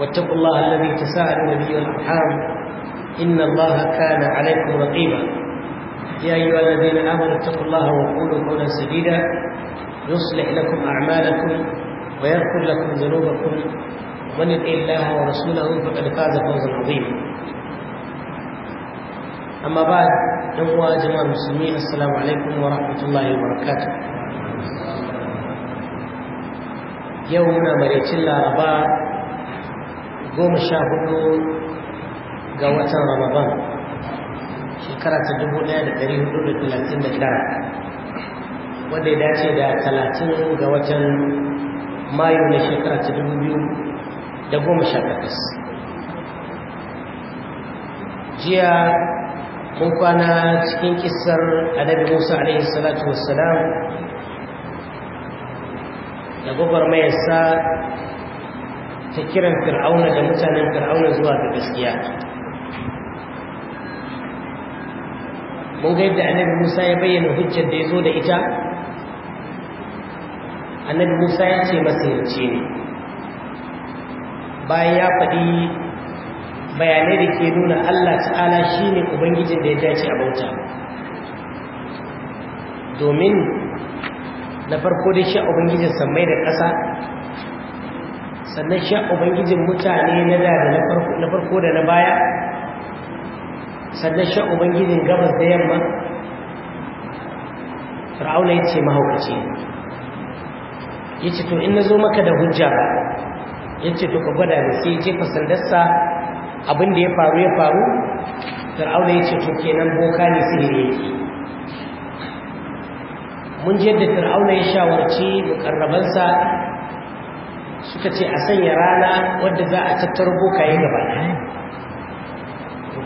واتقوا الله الذي تساءلون به والارحام ان الله كان عليكم رقيبا يا ايها الذين امنوا اتقوا الله وقولوا قولا سديدا يصلح لكم اعمالكم ويغفر لكم ذنوبكم ومن يطع الله ورسوله فقد فاز فوزا عظيما أما بعد نبوا جماعة المسلمين السلام عليكم ورحمة الله وبركاته يومنا مريتين لاربعة goma sha hudu ga watan ramadan shekara ta dubu daya da dari hudu da talatin da tara wanda ya dace da talatin ga watan mayu na shekara ta dubu biyu da goma sha takwas jiya mun kwana cikin kisar annabi musa alaihi salatu wassalam da gwagwarmayarsa ta kiran fir'auna da mutanen fir'auna zuwa ga gaskiya mun ga yadda annabi musa ya bayyana hujjar da ya zo da ita annabi musa ya ce masayarci ne bayan ya faɗi bayanai da ke nuna allah ta'ala shi ne ubangijin da ya dace a bauta domin na farko dai shi ubangijin sammai da ƙasa sannan shi ubangijin mutane na da na farko da na baya sannan shi ubangijin gabas da yamma fir'auna ya ce mahaukaci ya ce to in na zo maka da hujja ya ce to ka gwada ne sai ya jefa sandarsa abin da ya faru ya faru fir'auna ya ce to kenan boka ne ya yake mun je da fir'auna ya shawarci mukarrabansa suka ce a sanya rana wadda za a tattaro bokaye gaba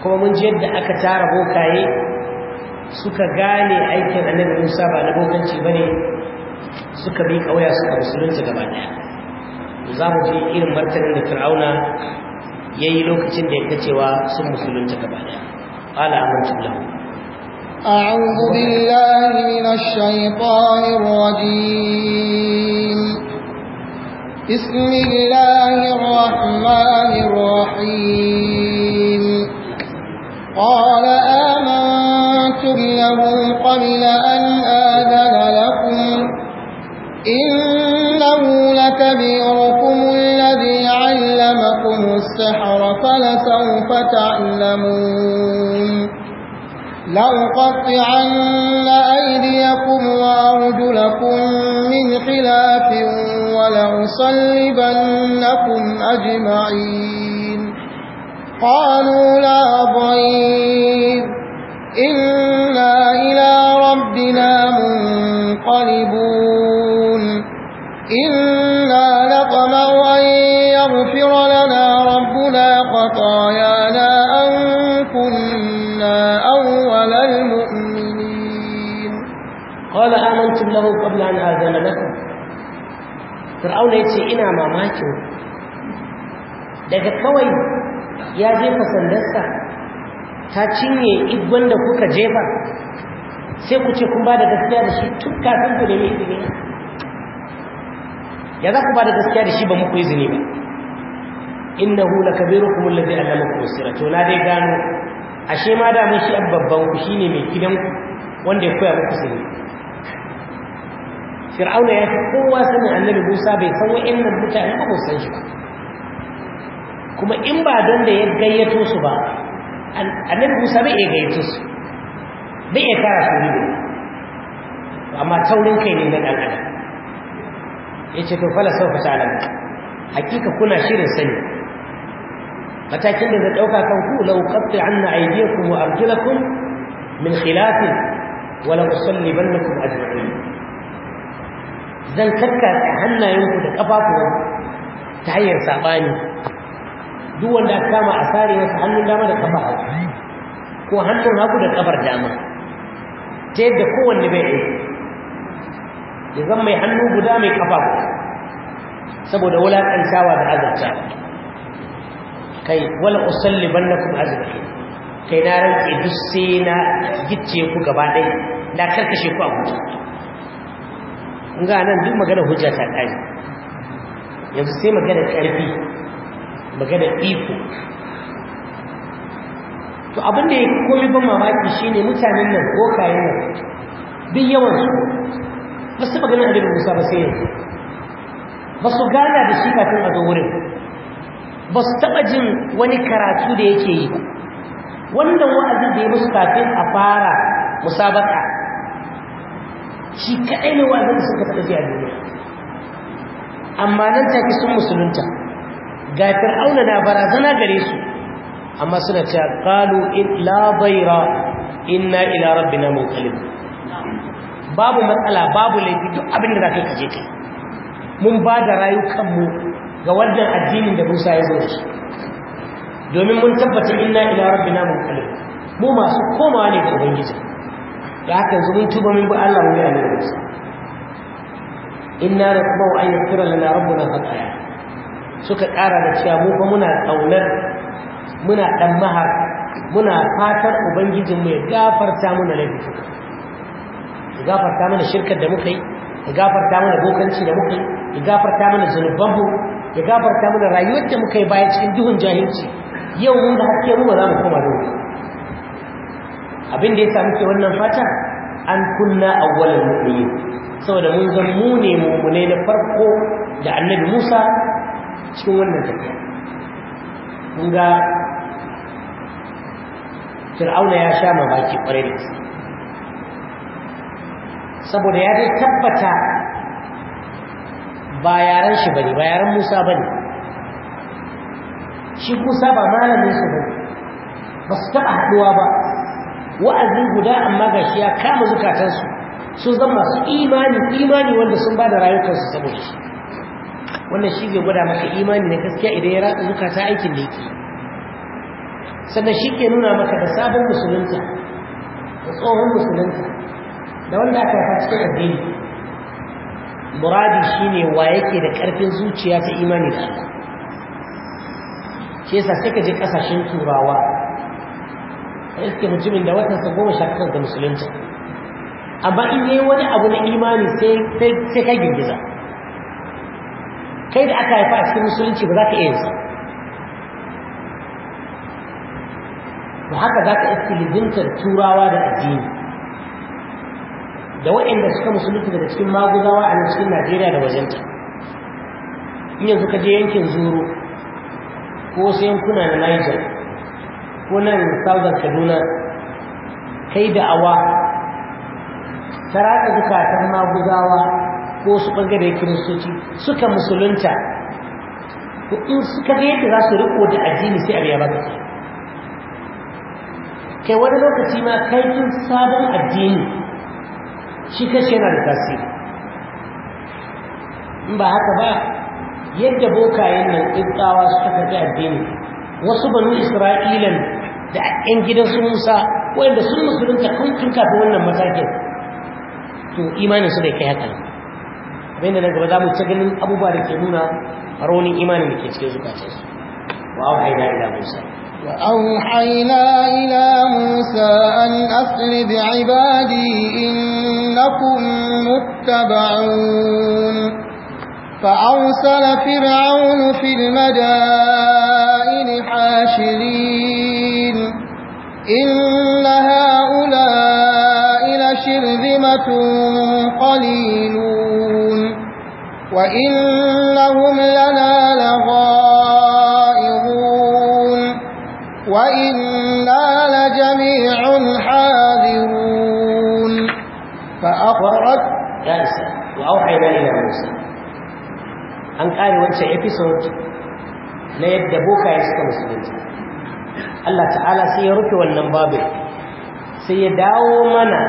kuma mun ji yadda aka tara bokaye suka gane aikin annabi musa ba na bokanci ba ne suka bi kawaya suka musulunci gaba ɗaya za mu ji irin martanin da fir'auna ya yi lokacin da ya cewa sun musulunci gaba ɗaya ala lahu أعوذ بالله من الشيطان الرجيم بسم الله الرحمن الرحيم قال آمنتم له قبل أن آذن لكم إنه لكبيركم الذي علمكم السحر فلسوف تعلمون لأقطعن أيديكم وأرجلكم من خلاف ولأصلبنكم أجمعين قالوا لا ضير إنا إلى ربنا منقلبون إنا لطمع أن يغفر لنا ربنا خطايانا أن كنا أول المؤمنين قال آمنتم له قبل أن آذن لكم fir'auna ya ce ina mamakin daga kawai ya jefa sandarsa ta cinye igban da kuka jefa sai ku ce kun ba da gaskiya da shi tun kafin ku mai ne ya za ku ba da gaskiya da shi ba muku izini ba kuma lakabirukum allazi allamakum sirra to na dai gano ashe ma da mun shi babban ku shine mai gidanku, wanda ya koya muku sirri fir'auna ya fi kowa sanin annabi musa bai san wa'annan mutane ba ko san shi ba kuma in ba don da ya gayyato su ba annabi musa bai iya gayyato su bai iya kara su ne amma taurin kai ne na dan adam ya ce to fala sauka ta alamu hakika kuna shirin sani matakin da zai ɗauka kan ku lau kafta an na aidiyakum wa arjulakum min khilafin wala usallibannakum ajma'in zan karkata hannayenku da kafafuwa ta hanyar saɓani duk wanda aka kama a sare masa hannun dama da kafa hau ko hannun haku da ƙafar dama ta yadda kowanne bai aiki ya zan mai hannu guda mai kafa guda saboda wulaƙantawa da azabta kai wala usalli bannakum azbahi kai na rantse duk sai na gicce ku gaba ɗaya na karkashe ku a guji ga nan duk magana hujja ta ƙari yanzu sai magana ƙarfi magana iko to abin da ya komi ban mamaki shine mutanen nan ko kayan nan duk yawan su ba su maganin abin musa ba sai yanzu ba su gana da shi kafin a zo wurin ba su taɓa jin wani karatu da yake yi ba wannan wa'azin da ya musu kafin a fara musabaka shi kaɗai ne wa'azin da suka tafi a duniya amma nan take sun musulunta ga fir'auna na barazana gare su amma suna ce qalu la bayra inna ila rabbina munqalib babu matsala babu laifi duk abin da zaka kaje kai mun ba da rayukan mu ga wannan addinin da Musa ya zo shi domin mun tabbata inna ila rabbina munqalib mu masu komawa ne ga ubangiji da haka yanzu mun tuba mun bi Allah mun yi da kuma inna natbu an yaghfira lana rabbuna khataya suka ƙara da cewa mu fa muna kaunar muna dan mahar muna fatar ubangijin mu ya gafarta mana laifi ya gafarta mana shirkar da muka yi ya gafarta mana bokanci da muka yi ya gafarta mana zunubanmu ya gafarta mana rayuwar da muka yi baya cikin duhun jahilci yau mun da haske mu ba za mu koma da wuri abin da ya sami ke wannan fata an kunna awwalan mu'minin saboda mun zan mu ne mummune na farko da annabi Musa cikin wannan tafiya mun ga Fir'auna ya sha ma baki kwarai da saboda ya dai tabbata ba yaran shi bane ba yaran Musa bane shi Musa ba malamin su bane ba su taɓa haɗuwa ba wa'azi guda amma ga ya kama zukatansu sun zama masu imani imani wanda sun ba da rayukansu saboda shi wannan shi zai gwada maka imani na gaskiya idan ya ratsa zukata aikin da yake sannan shi ke nuna maka da sabon musulunta da tsohon musulunta da wanda aka haifa cikin addini muradi shine wa yake da karfin zuciya ta imani da Allah shi sai ka je kasashen turawa iske mutumin da watansa goma sha takwas da musulunci amma in yi wani abu na imani sai kai girgiza kai da aka haifa a cikin musulunci ba za ka iya yinsa ba haka za ka iske libintar turawa da addini da waɗanda suka musulunci daga cikin maguzawa a cikin najeriya da wajenta in yanzu ka je yankin zuru ko wasu yankuna na niger ko nan southern kaduna kai da ta raka zukatan maguzawa ko su ɓangare kiristoci suka musulunta in suka ga yadda za su riko da addini sai abiya ba kai wani lokaci ma kai kin sabon addini shi kashe yana da tasiri in ba haka ba yadda bokayen nan ƙirƙawa suka ga addini wasu banu isra'ilan da yan gidan su musa wanda sun musulunta tun kafin wannan matakin to imanin su bai kai haka nan abin da daga ba za mu ci ganin abubuwa da ke nuna rauni imanin da ke cikin zukatansu wa auhaina ila musa An وأوحينا إلى موسى أن أسر بعبادي إنكم متبعون فأرسل فرعون في المدائن حاشرين إن هؤلاء لشرذمة قليلون وإنهم لنا لغائرون وإنا لجميع حاذرون فأخرج جالسة وأوحينا إلى موسى أن قالوا أنت إبسود na yadda bokaye Allah ta'ala sai ya rufe wannan babin sai ya dawo mana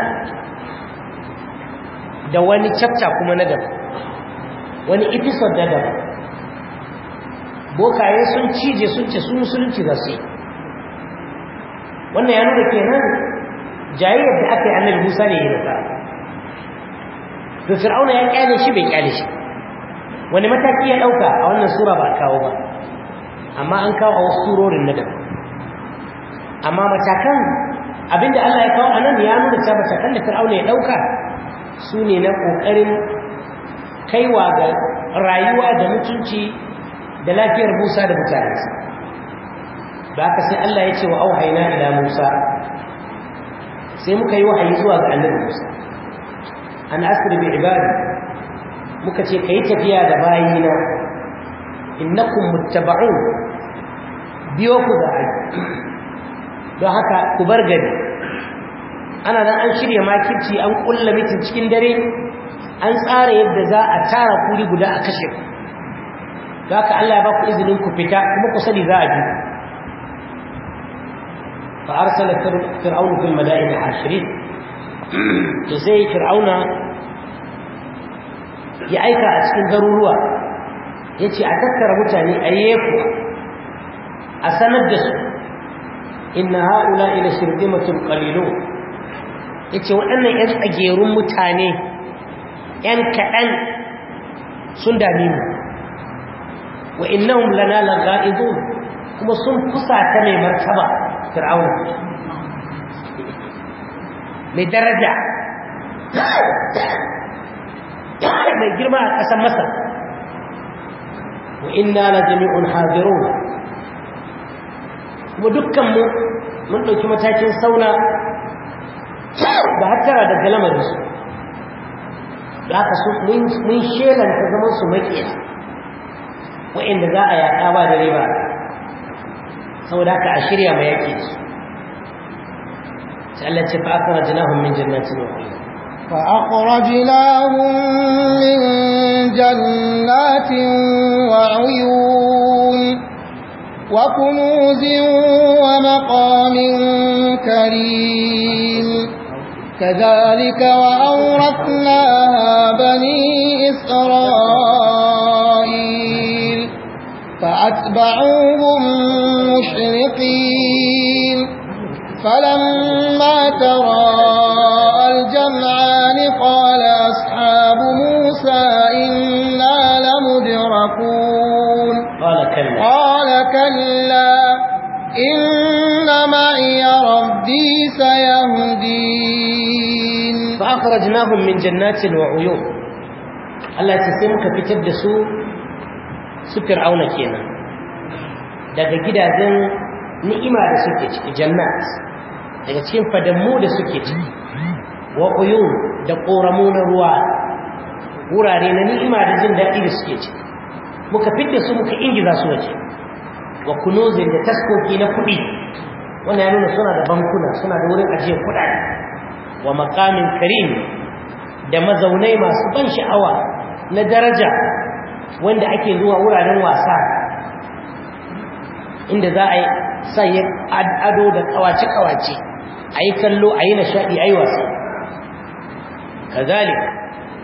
da wani chapter kuma na daban wani episode na daban bokaye sun cije sun ce su musulunci za su wannan ya nuna kenan jayayyar da aka yi annabi musa ne ya nufa to fir'auna ya kyale shi bai kyale shi wani mataki ya dauka a wannan sura ba kawo ba amma an kawo a wasu surorin na daban amma matakan abinda Allah ya kawo anan ya nuna cewa matakan da Fir'auna ya dauka su ne na kokarin kaiwa ga rayuwa da mutunci da lafiyar Musa da mutane ba ka sai Allah ya ce wa auhayna ila Musa sai muka yi wahayi zuwa ga Annabi Musa an asri bi ibadi muka ce kai tafiya da bayina innakum muttaba'un biyo ku da ai don haka ku bar gari ana nan an shirya makirci an kulla mitin cikin dare an tsara yadda za a tara kuri guda a kashe ku da haka Allah ya ba ku izinin ku fita kuma ku sani za a bi fa arsala fir'auna fil mala'in ashirin, to sai fir'auna ya aika a cikin garuruwa yace a tattara mutane a yeku a sanar da su inna ha'ula ila shirdimatul qalilun yace waɗannan ƴan tsagerun mutane ƴan kaɗan sun dami mu wa innahum lana laghaizun kuma sun kusa ta mai martaba fir'auna mai daraja mai girma a ƙasar masa. wa inna la jami'un hadirun kuma dukkan mu mun ɗauki matakin sauna da hattara da galamar su da aka su mun shelanta zaman su maƙiya wa'inda za a yaƙa ba da riba saboda haka a shirya ma yaƙi su sai Allah ce fa akhrajnahum min jannatin wa uyun فأخرجناهم من جنات وعيون وكنوز ومقام كريم كذلك وأورثناها بني إسرائيل فأتبعوهم مشرقين فلما ترى الجمعان قال أصحاب موسى إن معي ربي سيهدين فأخرجناهم من جنات وعيون الله تسمك في تبدسو سكر عونا كينا daga gidajen ni'ima da suke ciki daga cikin fadammu da suke ciki wa da koramu na ruwa wurare na ni'ima da jin daɗi da suke ciki muka da su muka ingiza su waje wa kunuzin da taskoki na kuɗi wanda ya nuna suna da bankuna suna da wurin ajiyar kuɗaɗe wa makamin karim da mazaunai masu ban sha'awa na daraja wanda ake zuwa wuraren wasa inda za a yi sanya ado da kawace-kawace a yi kallo a yi nishaɗi a yi wasa Ka kazalik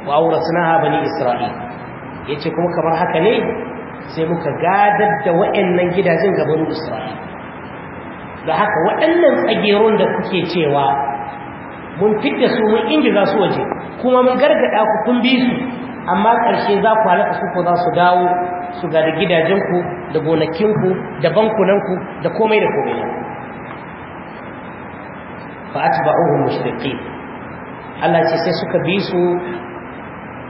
wa aurasnaha bani isra'il ce kuma kamar haka ne sai muka gadar da waɗannan gidajen ga banu da haka waɗannan tsagerun da kuke cewa mun fidda su mun ingiza su waje kuma mun gargada ku kun bi su amma ƙarshe za ku halaka su ko za su dawo su ga da gidajenku da gonakinku da bankunanku da komai da komai nan fa atba'uhum mushriqin Allah ce sai suka bi su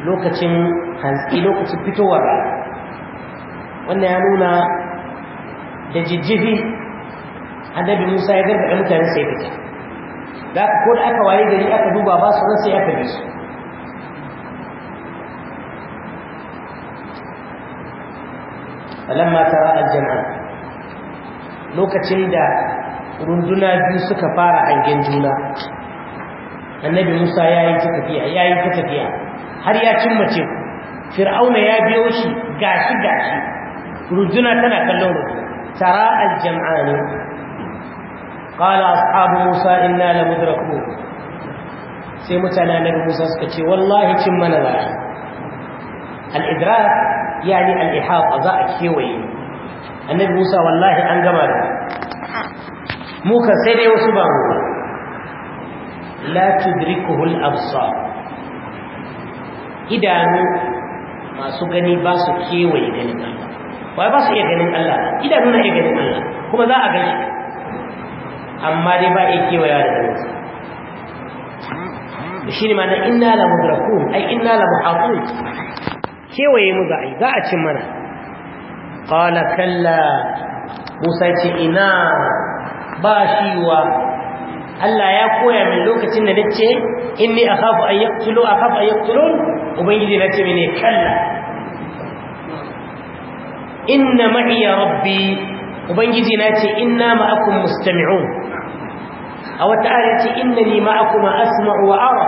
lokacin hantsi lokacin fitowar rana wannan ya nuna da jijjifi annabi musa ya gargaɗa mutane sai fita da aka ko da aka waye gari aka duba ba su sai aka bi su falamma tara aljama'a lokacin da runduna biyu suka fara hangen juna annabi musa ya yi tafiya ya yi tafiya har ya cimma ce fir'auna ya biyo shi gashi gashi rujuna tana kallon rujuna tara aljam'ani qala ashabu musa inna la mudrakun sai mutane na musa suka ce wallahi cin mana za al-idrak yani al-ihata za a kewaye annabi musa wallahi an sai dai wasu ba mu la tudrikuhu idanu masu gani ba su kewaye ganin Wa ba su iya ganin Allah idan nuna iya ganin Allah kuma za a gan shi amma dai ba iya kewaya da ganin sa shi ne mana inna la mudrakun ai inna la muhaqun kewaye mu za a yi za a cin mana qala kalla musa ce ina ba shi wa Allah ya koya min lokacin da nace inni akhafu an yaqtulu akhafu an yaqtulun ubangiji nace mene kalla inna ma'iya rabbi ubangiji na ce inna ma'akum mustami'un a wata ayar ce inna ni ma'akum asma'u wa ara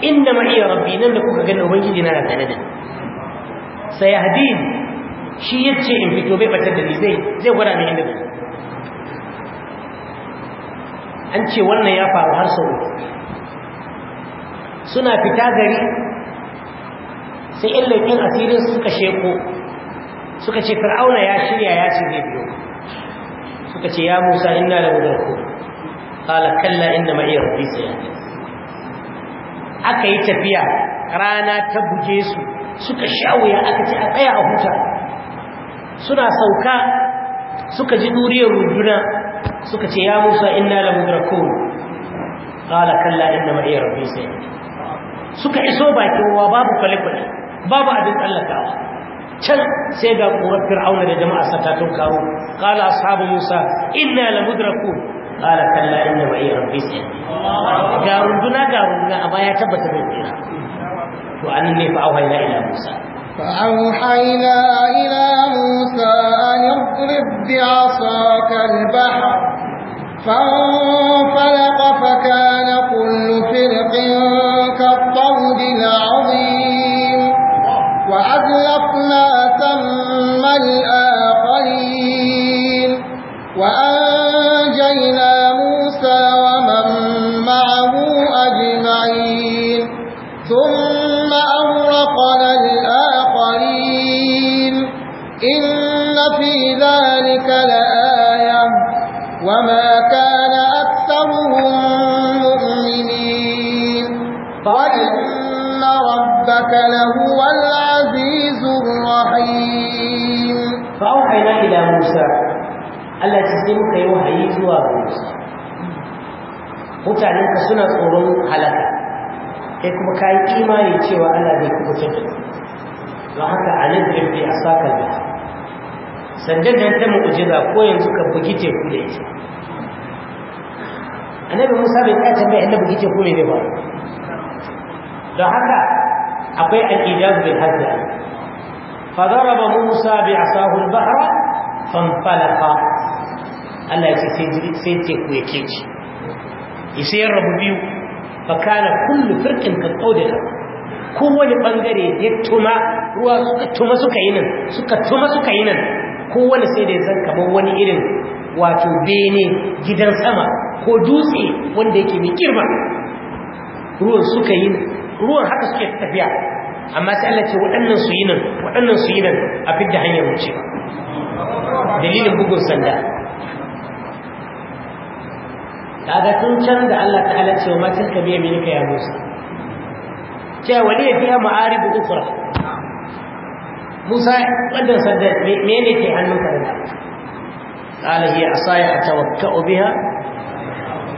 inna ma'iya rabbi nan da kuka gani ubangiji na tare da sayahdin shi yace in fito bai batar da ni zai zai gwada min inda an ce wannan ya faru har sau suna fita gari sai in leƙin asirin suka sheko suka ce fir'auna ya shirya ya shirya zai suka ce ya musa inna la mudarku qala kalla inna ma iya rabbi sayadi aka yi tafiya rana ta buge su suka sha wuya aka ce a tsaya a huta suna sauka suka ji duriyar runduna suka ce ya musa inna la mudarku qala kalla inna ma iya rabbi sayadi suka iso bakin ruwa babu kwale-kwale babu abin tsallakawa can sai ga kuwar fir'auna da jama'a sa ta tunkaro qala ashabu musa inna la mudrakun qala kalla inna ma'i rabbi sayyidi ga runduna ga runduna amma ya tabbata bai tsira to an ne fa awhayna ila musa فأوحينا إلى موسى أن اضرب بعصاك البحر فانفلق فكان auhayna ila Musa Allah ce sai muka yi wahayi zuwa Musa mutanen ka suna tsoron halaka kai kuma kai imani cewa Allah zai kubutar da don haka alif bin bi asaka da sandan da ta mu'jiza ko yanzu ka bugi teku da ita annabi Musa bai tsaya tambaya inda bugi teku ne ba don haka akwai al bil hazza فضرب موسى بعصاه البحر فانطلق Allah ya ce sai teku ya keci isa yin rabu biyu fakana kullu firkin kan ƙaudina kowane ɓangare ya tuma ruwa tuma suka yi nan suka tuma sai da ya zan kamar wani irin wato bene gidan sama ko dutse wanda yake mai girma ruwan suka yi haka suke tafiya amma sai Allah ce waɗannan su yi nan waɗannan su yi nan a fidda hanyar wuce dalilin bugun sanda kaga tun can da Allah ta'ala ce wa matan ka biya minika ya Musa cewa wani ya fi fiya ma'aribu ukura Musa wannan sanda me ne ke hannunka da قال هي عصاي اتوكا بها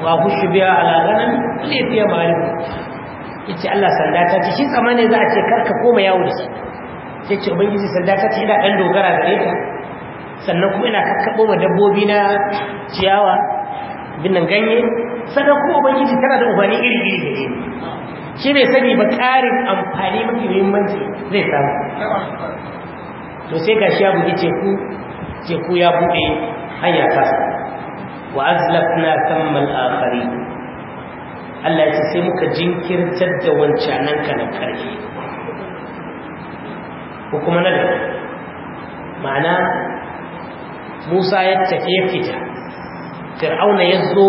واخش بها على غنمي ولي فيها مالك yace Allah sanda ta ce shin kamar ne za a ce karka koma yawo da shi sai ubangiji sanda ta ce ina dan dogara gare ta sannan kuma ina kakkabo ma dabbobi na ciyawa binnan ganye sannan kuma ubangiji tana da ubani iri iri da ni shi bai sani ba karin amfani mafi muhimmanci zai samu to sai gashi ya buɗe teku teku ya buɗe hanya ta wa azlafna al-akhirin Allah ya ce sai muka jinkirtar da wancanan ka na ƙarfi ko kuma na ma'ana Musa ya tafi ya fita Fir'auna ya zo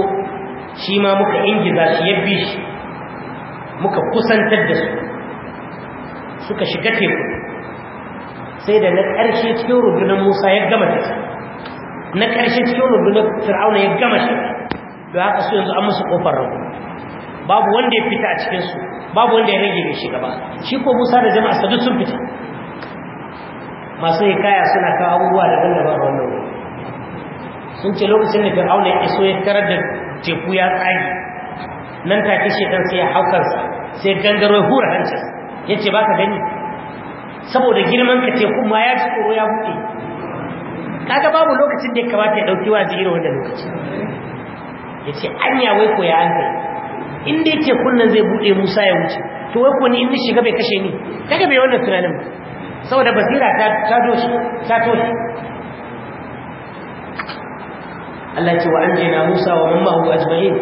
shi ma muka ingiza shi ya bi shi muka kusantar da su suka shiga teku sai da na ƙarshe cikin rundunar Musa ya gama tafi na ƙarshe cikin rundunar Fir'auna ya gama shi da haka su yanzu an musu ƙofar rabu babu wanda ya fita a cikin su babu wanda ya rage mai shiga ba shi ko Musa da jama'a sadu sun fita masu hikaya suna kawo abubuwa da daban-daban wannan wuri sun ce lokacin da fir'aun ya iso ya tarar da teku ya tsage nan take dan sai ya haukarsa sai gangaro ya hura hancinsa ya ce ba ka gani saboda girman ka teku ma ya ci koro ya buɗe kaga babu lokacin da ya kamata ya ɗauki wa irin wannan lokaci ya ce anya wai ko ya an kai inda yake kunnan zai bude musa ya wuce to wai ko ni in shiga bai kashe ni kage bai wannan tunanin saboda basira ta ta shi ta toshi Allah ya ce wa anjina musa wa mamma hu ajma'in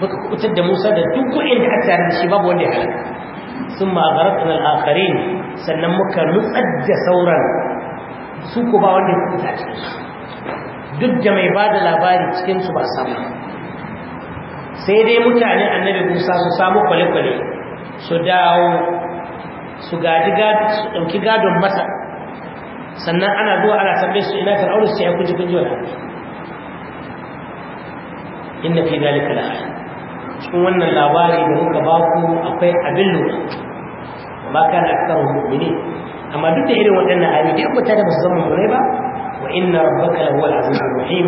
baka kubutar da musa da duk wanda aka tare da shi babu wanda ya halaka sun ma'azaratun al'akarin sannan muka nutsar da sauran su ku ba wanda ya kubuta cikin duk da mai ba da labari cikinsu ba samu sai dai mutane annabi musa su samu kwale-kwale su dawo su ɗauki gadon masa sannan ana zuwa ana sabbe su ina fir'aunu su ya kuji kunji wani inda fi zalika la cikin wannan labari da muka ba ku akwai abin lura ba kana aksaru mu'mini amma duk da irin waɗannan ayoyi da ta ba su zama mu'minai ba wa inna rabbaka lahuwal azizur rahim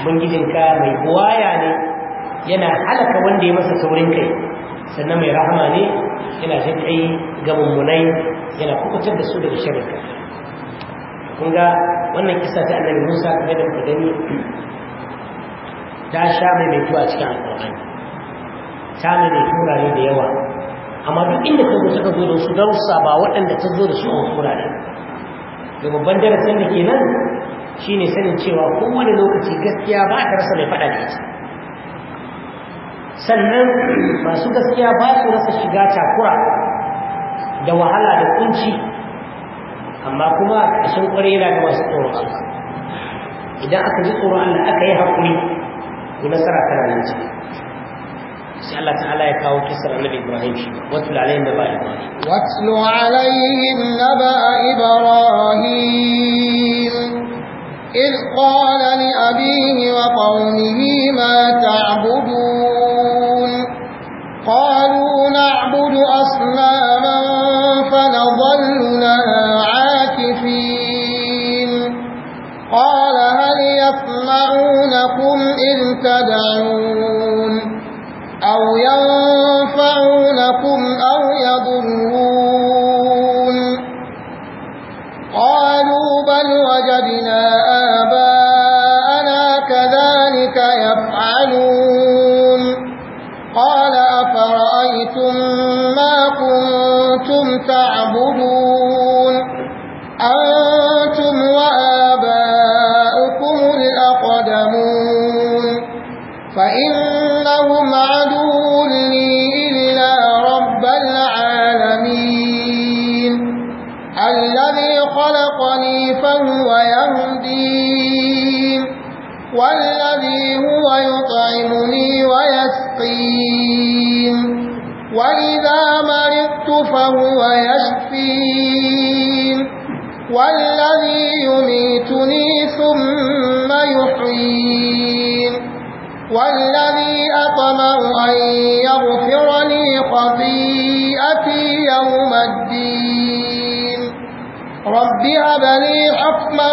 ubangijinka mai buwaya ne yana halaka wanda ya masa saurin kai sannan mai rahama ne yana jin kai ga mummunai yana kukutar da su daga shirin kai kun ga wannan kisa ta annabi musa game da muka gani ta sha mai mai tuwa cikin alƙur'ani ta mai mai ne da yawa amma duk inda ta zo suka zo da su darussa ba waɗanda ta zo da su a turare da babban darasin da ke nan shine sanin cewa kowane lokaci gaskiya ba ta rasa mai faɗa da ita sannan masu gaskiya ba su rasa shiga takura da wahala da kunci amma kuma a sun kwarera da masu tsoron Allah idan aka ji tsoron Allah aka yi haƙuri ko nasara tana nan ce sai Allah ta'ala ya kawo kisar annabi Ibrahim shi wasu lalayin da ba Ibrahim wasu alaihim na ba Ibrahim إذ قال لأبيه وقومه ما تعبدون قالوا نعبد أصناما فنظل لها عاكفين قال هل يسمعونكم إذ تدعون أو ينفعونكم أو يضرون والذي هو يطعمني ويسقين وإذا مرضت فهو يشفين والذي يميتني ثم يحيين والذي أطمع أن يغفر لي خطيئ رب هب لي حكما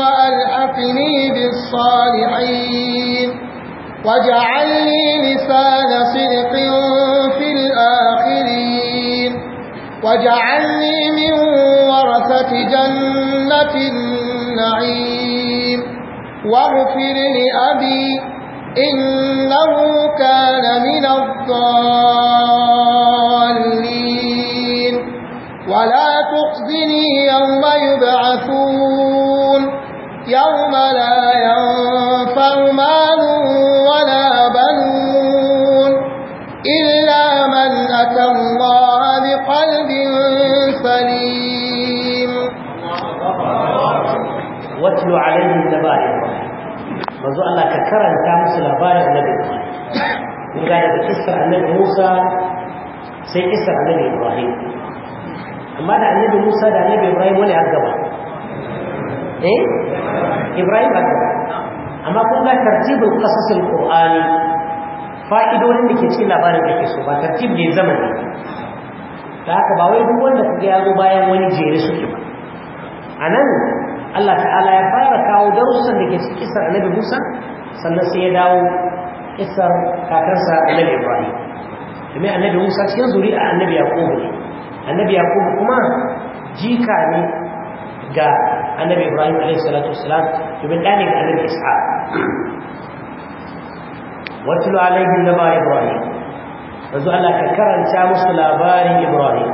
وألحقني بالصالحين واجعل لي لسان صدق في الآخرين واجعلني من ورثة جنة النعيم واغفر لأبي إنه كان من الضالين ولا تخزني يوم يبعثون يوم لا ينفع مال ولا بنون إلا من أتى الله بقلب سليم واتل عليهم نبايا manzo Allah ka karanta musu labarin annabi Ibrahim kun ga daga kissar annabi Musa sai kissar annabi Ibrahim amma da annabi musa da annabi ibrahim wani har gaba eh ibrahim har gaba amma kun ga tartibul qasasul qur'ani fa'idodin da ke cikin labarin da ke so ba tartib ne zamani da haka ba wai duk wanda kuka ya bayan wani jere suke ba anan Allah ta'ala ya fara kawo darussan da ke cikin kisar annabi Musa sannan sai ya dawo kisar kakarsa annabi Ibrahim domin annabi Musa cikin zuri'a annabi yaqub ne annabi ya kuma jika ne ga annabi ibrahim alaihi salatu wassalam domin ɗa ga annabi ishaq watlu alaihi ba ibrahim yanzu Allah ka karanta musu labarin ibrahim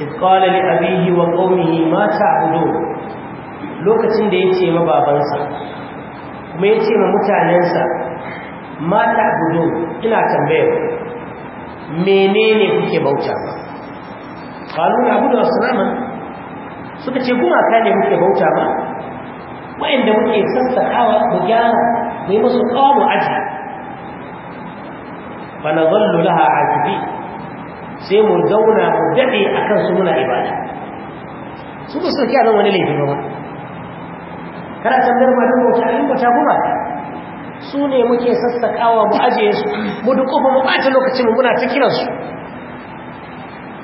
إذ قال wa وقومه mata تعبدون lokacin da ya ce ma babansa kuma ya ce ma mutanensa mata gudu ina tambayar menene kuke bauta ba qalu na'budu asnaman suka ce kuma gumaka ne muke bauta ba da muke sassakawa mu gyara mu yi musu kawo aji fa nazallu laha ajibi sai mu zauna mu dade akan su muna ibada su ba su kiyaye wani laifi ba kana tambayar ma duk wata in bata kuma su ne muke sassakawa mu aje su mu duk mu bata lokacin muna ta kiransu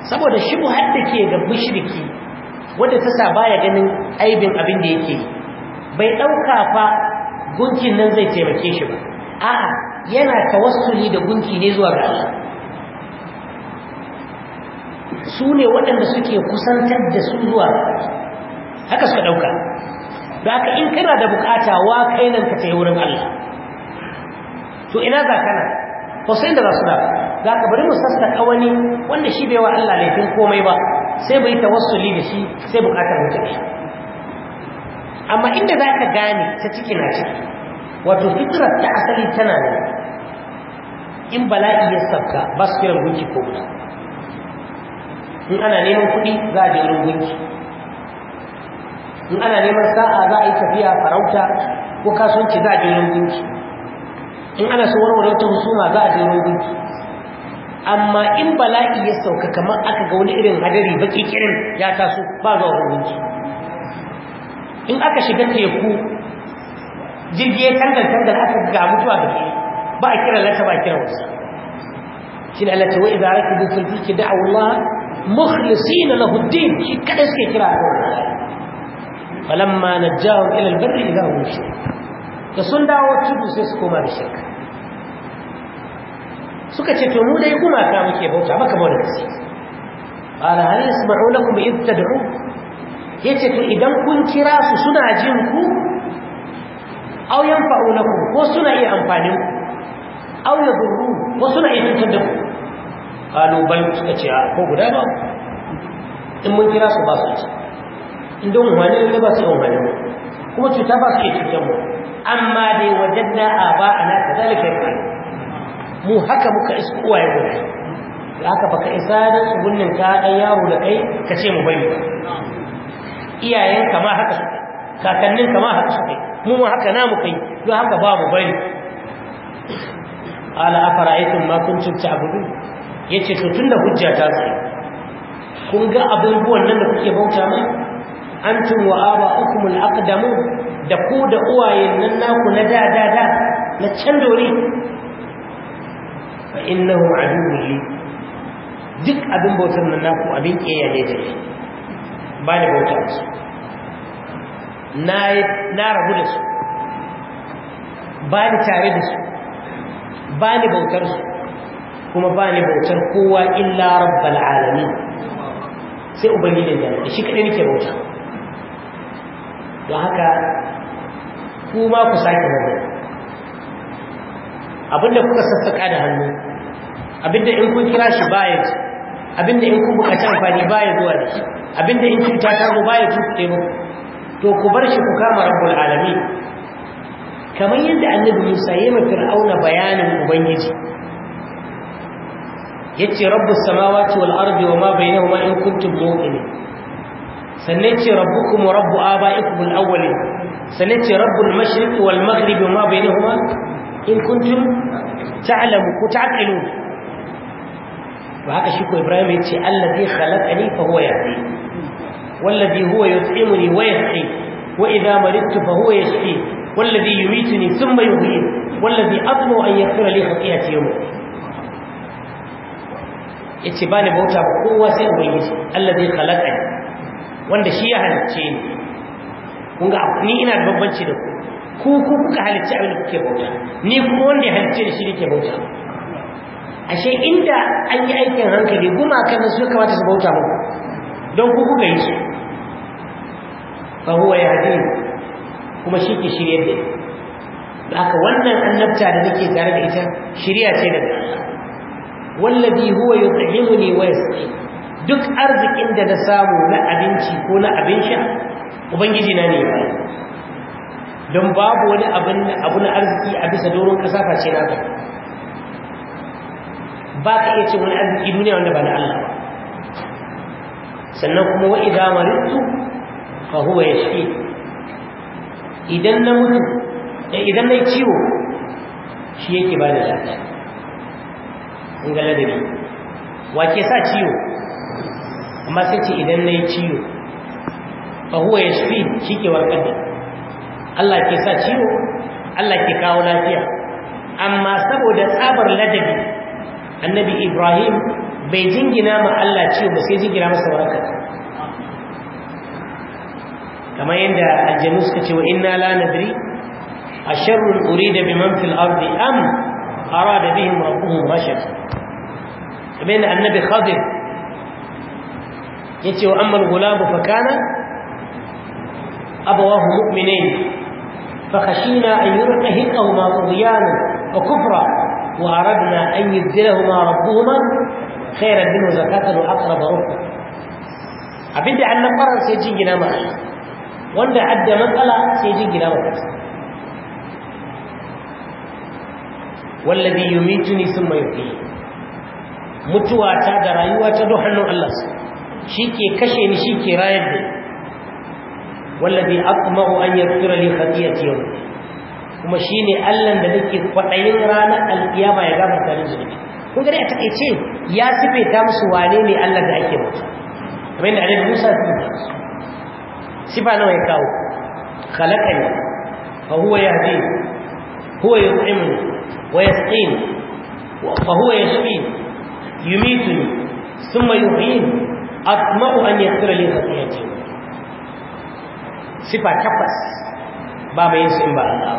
saboda mu hadda ke ga mushriki wanda ta sa baya ganin aibin abin da yake bai dauka fa gunkin nan zai taimake shi ba a'a yana tawassuli da gunki ne zuwa ga Allah su ne waɗanda suke kusantar da su zuwa haka suka dauka da haka in kana da bukata wa kai nan ka tayi wurin Allah to ina za kana ko sai da za su da ka bari mu sassaka wani wanda shi bai wa Allah laifin komai ba sai bai tawassuli da shi sai bukatar mutum amma inda za ka gane ta ciki na ciki wato fitrar ta asali tana ne in bala'i ya sabka ba su kiran gunki ko guda in ana neman kuɗi za a je wurin gunki in ana neman sa'a za a yi tafiya farauta ko kasuwanci za a je wurin gunki in ana so warware wata husuma za a je wurin gunki amma in bala'i ya sauka kamar aka ga wani irin hadari baki kirin ya taso ba zuwa wurinki in aka shiga teku jirgi ya tangal-tangal aka ga mutuwa da ke ba a kira lata ba a kira wasu shi ne allata wa idara ki dukkan fiki da Allah mukhlisi na lahuddin shi kada suke kira a wani falamma na jawon ilal barri idan wuce da sun dawo tudu sai su koma da shirka suka ce to mu dai gumaka muke bauta maka bauta da su qala hal yasma'u lakum id tad'u yace to idan kun kira su suna jin ku aw yanfa'u lakum ko suna iya amfani ku aw yadurru ko suna iya cutar da ku qalu bal suka ce a, ko guda ba in mun kira su ba su ci in wani ne ba su yi wani kuma cuta ba su iya cutar mu amma dai wajen da a ba ana kazalika yake mu haka muka iskuwa ya Ya haka baka isa da tsugunnin ka ɗan yaro da kai ka ce mu bari iyayen kama haka su kakannin kama haka su kai mu ma haka namu kai don haka ba mu bari ala afara'aytum ma kuntum ta'budun yace to tunda hujja ta tsaye kun ga abubuwan nan da kuke bauta mai antum wa aba'ukum al-aqdamu da ku da uwayen nan naku na da da da na can dore fa innahu aduwwun li duk abin bautar nan naku abin kiyaye ne baani ba su na rabu da su tare da su ba su kuma ba ni bautar kowa illa rabbal alamin sai ubangijin da shi kadai nake bauta don haka kuma ku sake nazari abinda kuka sassaka da hannu abinda in kun kira shi baya ji abinda in kun bukaci amfani baya zuwa da shi abinda in cuta ta mu baya tuke mu to ku bar shi ku kama rabbul alami. kamar yadda annabi Musa ya ma fir'auna bayanin ubangiji yace rabbus samawati wal ardi wama bainahuma in kuntum mu'minin sannan ce rabbukum wa rabbu abaikum al awwalin sannan ce rabbul mashriq wal maghrib wama bainahuma in kuntum ta'lamu ku ta'qilun Ba haka shi ko Ibrahim yace allazi khalaqani fa huwa yahdi wallazi huwa yut'imuni wa yasqi wa idha maridtu fa huwa yashfi wallazi yumituni thumma yuhyi wallazi atma an yaghfira li khati'ati yawm yace bani bauta kowa sai ubangiji allazi khalaqani wanda shi ya halicce ni kun ga ni ina da babbanci da ku ku kuka halicce abin da kuke bauta ni kuma wanda ya halicce ni shi ne ke bauta ashe inda an yi aikin hankali gumakan nan su kamata su bauta mu don ku kuka yi su fa huwa yahdi kuma shi ke shirya da da haka wannan annabta da nake tare da ita shirya ce daga Allah wallazi huwa ne wa yasqi duk arzikin da na samu na abinci ko na abin sha ubangiji na ne ba don babu wani abu na arziki a bisa doron kasa face na ba ka iya cin wani arziki duniya wanda ba na Allah ba sannan kuma wa idan maritu fa huwa yashfi idan na mutu eh, idan na ciwo shi yake ba da lafiya in ga ladabi wa ke sa ciwo amma sai ce idan na ciwo fa huwa yashfi shi ke warkar da Allah ke sa ciwo Allah ke kawo lafiya amma saboda tsabar ladabi annabi ibrahim bai jingina ma Allah ciwo ba sai jingina masa waraka kamar yadda aljanu suka ce wa inna la nadri asharrun urida biman fil ardi am arada bihim rabbuhum rashad kamar yadda annabi khadir yace wa amma al-ghulam fa kana abawahu mu'minin فخشينا أن يرهقهما طغيانا وكفرا وأردنا أن يبدلهما ربهما خيرا منه زكاة وأقرب ربه abinda an nan faran sai jingina ma wanda adda matsala sai jingina ma kansa wallazi yumituni thumma yuhyi mutuwa ta da rayuwa ta duk Allah shike kashe ni shike rayar da wallazi atma'u an yaghfira li khati'ati yawmi kuma shi ne Allah da nake kwaɗayin ranar alkiyama ya tare min zunubi kun gari a takaice ya sife ta musu wane ne Allah da ake mutu kamar yadda Annabi Musa su ne sifa nawa ya kawo khalaqani fa huwa yahdi huwa yut'imuni wa yasqini fa huwa yashfini yumituni ثم يحييني أطمع أن يغفر لي خطيئتي صفة تقص بابا يسلم بها الله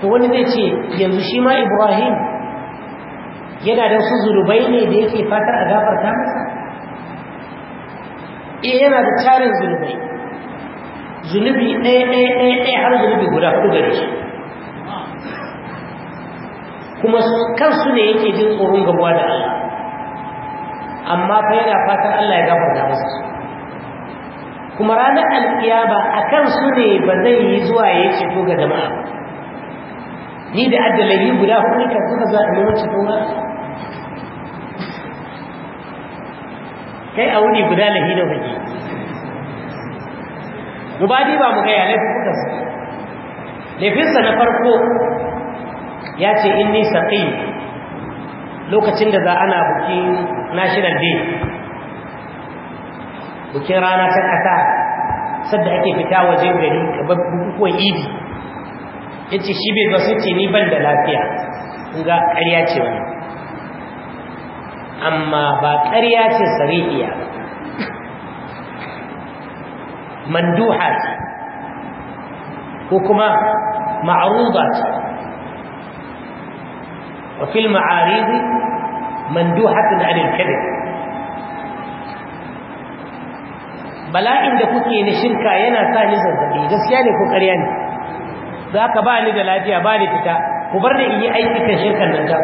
to wani zai ce yanzu shi ma ibrahim yana da su zulubai ne da yake fatar a gafarta masa eh, yana da tarin zunubai zunubi ɗaya ɗaya ɗaya ɗaya har zunubi guda hudu da shi kuma kansu ne yake jin tsoron gabuwa da Allah amma fa yana fatar Allah ya gafarta masa kuma ranar ba a kansu ne ba zai yi zuwa ya ce ko ga jama'a ni da yi guda hudu kan kuka za a nuna cikin wa kai a wuni guda na hidon waje mu ba ba mu ga yalai kuka su laifinsa na farko ya ce in nisa kai lokacin da za ana bukin national day bukin rana ta ƙasa sadda ake fita wajen gari kamar bukukuwan idi ya ce shi bai basu sai ni ban da lafiya ga ƙarya ce wani amma ba ƙarya ce sarihiya manduha ce ko kuma ma'aruba ce A fil ma'aridi manduhatun anil kadhib bala'in da kuke na shirka yana sa ni zazzabi gaskiya ne ko ƙarya ne za ka ba ni da lafiya ba ni fita ku bar ni in yi aikin shirkan nan ta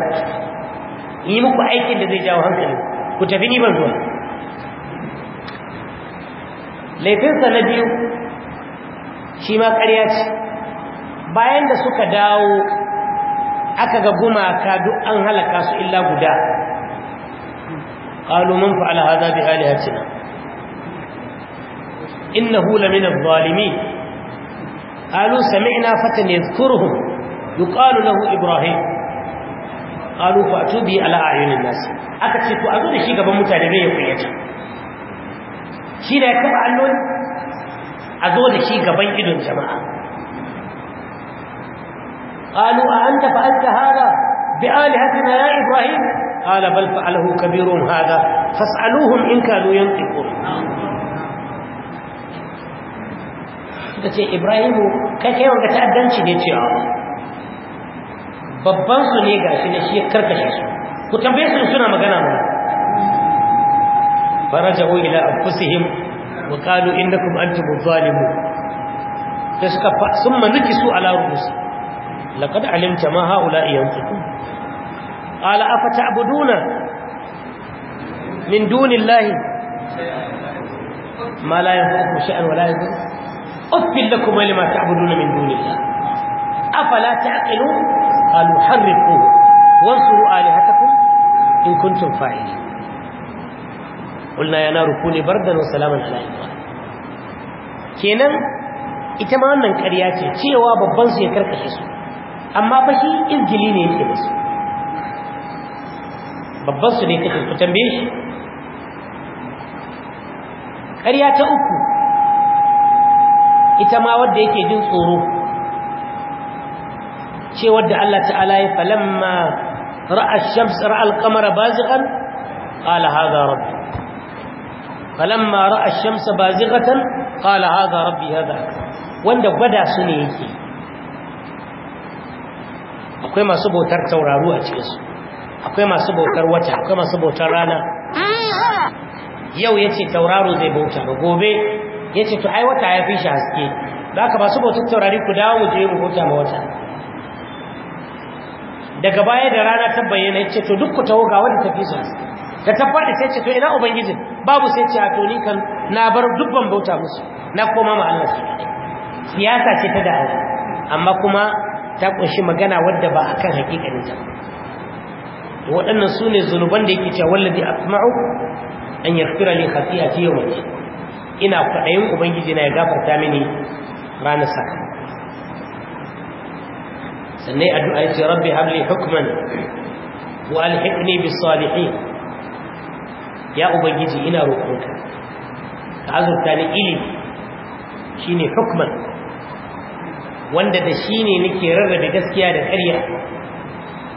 yi muku aikin da zai jawo hankali ku tafi ni ban zuwa laifinsa na biyu shi ma ƙarya ce bayan da suka dawo aka ga gumaka duk an halaka su illa guda ƙalu mun fa'ala haza bi alihatina innahu lamina zalimin قالوا سمعنا فتى يذكرهم يقال له إبراهيم قالوا فأتوا به على أعين الناس أكتشفوا أقول شيء قبل متعلمين يقيتا شيء لا يكب علون أقول شيء قبل إذن جماعة قالوا أأنت فأنت هذا بآلهتنا يا إبراهيم قال بل فعله كبيرهم هذا فاسألوهم إن كانوا ينطقون ta ce ibrahimu kai kai wanda ta'addanci ne cewa. babban su ne ga shi ne shi ya karkashe su ku tambaye su suna magana mana faraja'u ila anfusihim wa qalu innakum antum zalimun Da suka fa summa nakisu ala rubus laqad alimta ma haula yantiqun qala afata'buduna min dunillahi ma la yanfa'ukum shay'an wa la أثبت لكم لما تعبدون من دون الله أفلا تعقلون قالوا حرقوه وانصروا آلهتكم إن كنتم فاعلين قلنا يا نار كوني بردا وسلاما على إبراهيم kenan ita ma wannan ƙarya ce cewa babban su ya karkashe su amma fa shi izgili ne yake musu babban su ne kake ku tambaye shi ƙarya ta uku ita ma wadda yake jin tsoro ce wadda Allah ta'ala ya falamma ra'a shams ra'a al-qamara bazighan qala hadha rabbi falamma ra'a ash-shamsa bazighatan qala hadha rabbi hadha wanda gwada su ne yake akwai masu bautar tauraro a cikin su akwai masu bautar wata akwai masu bautar rana yau yace tauraro zai bauta gobe ya ce to ai wata ya fi shi haske ba ka ba su ba taurari ku dawo je mu huta ma wata daga baya da rana ta bayyana ya ce to duk ku taho ga wanda ta tafi haske, da ta faɗi sai ce to ina ubangiji babu sai ce a to ni kan na bar dubban bauta musu na koma ma Allah su siyasa ce ta da'awa amma kuma ta kunshi magana wadda ba akan hakikanin ta waɗannan su ne zunuban da yake cewa wallazi asma'u an yaghfira li khati'ati yawmin ina kwaɗayin ubangiji na ya gafarta mini ranar sa sannan addu'a ya ce rabbi habli hukman wa alhiqni bis salihin ya ubangiji ina roƙonka ka azurta ni ilimi shine hukman wanda da shi shine nake rarrabe gaskiya da ƙarya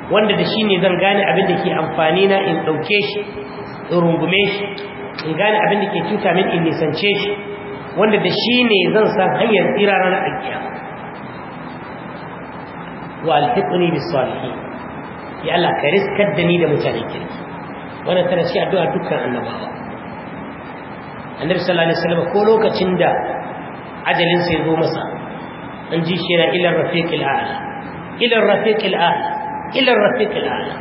wanda da shi ne zan gane abin da ke amfani na in ɗauke shi in rungume shi in gane abin da ke cuta min in nisance shi wanda da shi ne zan san hanyar tsira na alkiyama wa alfiqni bis salihin ya Allah ka riskar da ni da mutanen kirki wannan tana shi addu'a dukkan annabawa annabi sallallahu alaihi wasallam ko lokacin da ajalin sa ya zo masa an ji shi na ila rafiqil a'la ila rafiqil a'la ila rafiqil a'la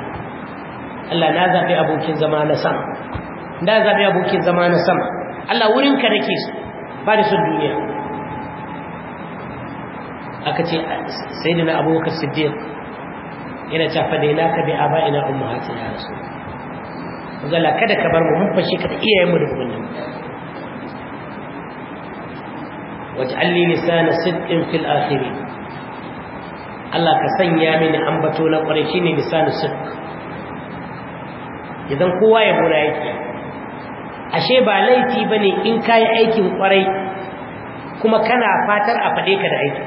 Allah na zabi abokin zama na sama da za zaɓi abokin zama na sama Allah wurin ka nake su ba da sun duniya aka ce sai da na abubakar siddiq yana ta da na ka bi a ba ina umma hatin ya rasu zala kada ka bar mu mun fashe ka da iyayenmu da kullum waj'al li lisana sidqin fil akhirin Allah ka sanya mini ambato na ƙwarai nisa na sidq idan kowa ya bura yake ashe ba laifi bane in kai aikin kwarai kuma kana fatar a fade ka da aiki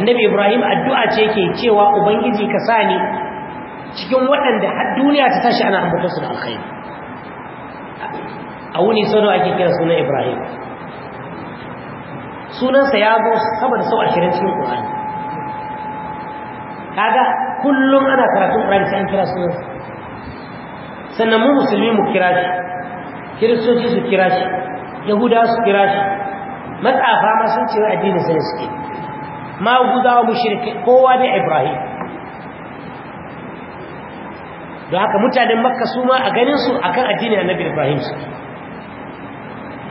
annabi ibrahim addu'a ce yake cewa ubangiji ka sani cikin waɗanda har duniya ta tashi ana ambata su da alkhairi a wuni sau ake kira sunan ibrahim sunansa ya zo saboda sau ashirin cikin ƙur'ani kaga kullum ana karatun ƙur'ani sai an kira sunansa sannan mu musulmi mu kira shi kiristoci su kira shi yahudawa su kira shi matsafa ma sun cewa addinin sai suke ma wa mushrikai kowa da ibrahim don haka mutanen makka su ma a ganin su akan addinin annabi ibrahim su?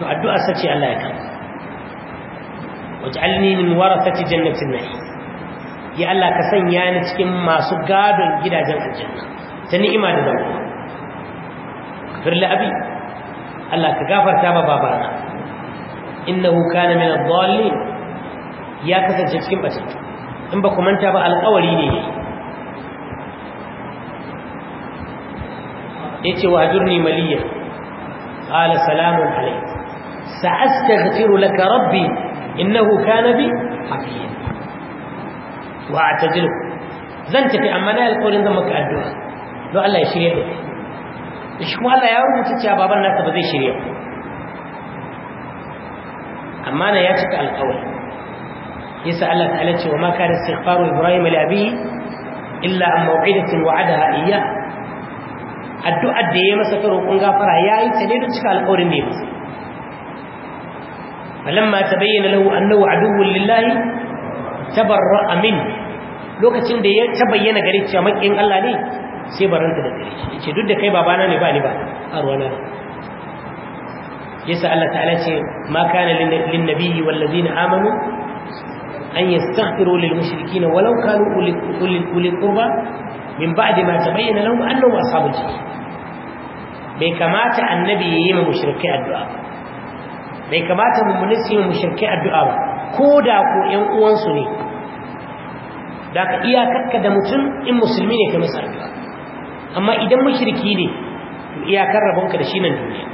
to addu'a sace Allah ya kama waj'alni min warasati jannatin na'im ya Allah ka sanya ni cikin masu gadon gidajen aljanna ta ni'ima da dawo ighfir abi Allah ka gafarta ba babana innahu kana min ad-dallin ya kasance cikin bace in ba ku manta ba alƙawari ne yace wa ajurni maliya qala salamun alayk sa'astaghfiru laka rabbi innahu kana bi hafiyan wa a'tazilu zan tafi amma na alƙawarin zan maka addu'a don Allah ya shirya da kai da shi kuma Allah ya rubuta cewa baban nasa ba zai shirya amma na ya cika alƙawari yasa Allah ta ce wa ma istighfaru ibrahim li illa an maw'idatin wa'adaha iyyah addu'ar da yayi masa ta kun gafara yayi ta ne da cika alƙawarin da ya masa falamma tabayyana lahu annahu aduwwun lillahi tabarra'a min lokacin da ya ta tabayyana gare cewa makin Allah ne sai baranta da gare shi yace duk da kai babana ne ba ni ba a ruwana yasa Allah ta'ala ce ma kana lin nabiyyi wal ladina amanu an yastaghfiru lil mushrikeena walau kanu ulil qurba min ba'di ma tabayyana lahum annahum ashabul jahim bai kamata annabi yayi ma mushrike addu'a bai kamata mummuni su yi ma mushrike addu'a ba ko da ko ƴan uwansu ne da ka iyakakka da mutum in musulmi ne ka masa addu'a amma idan mashirki ne iyakar rabonka da shi nan duniya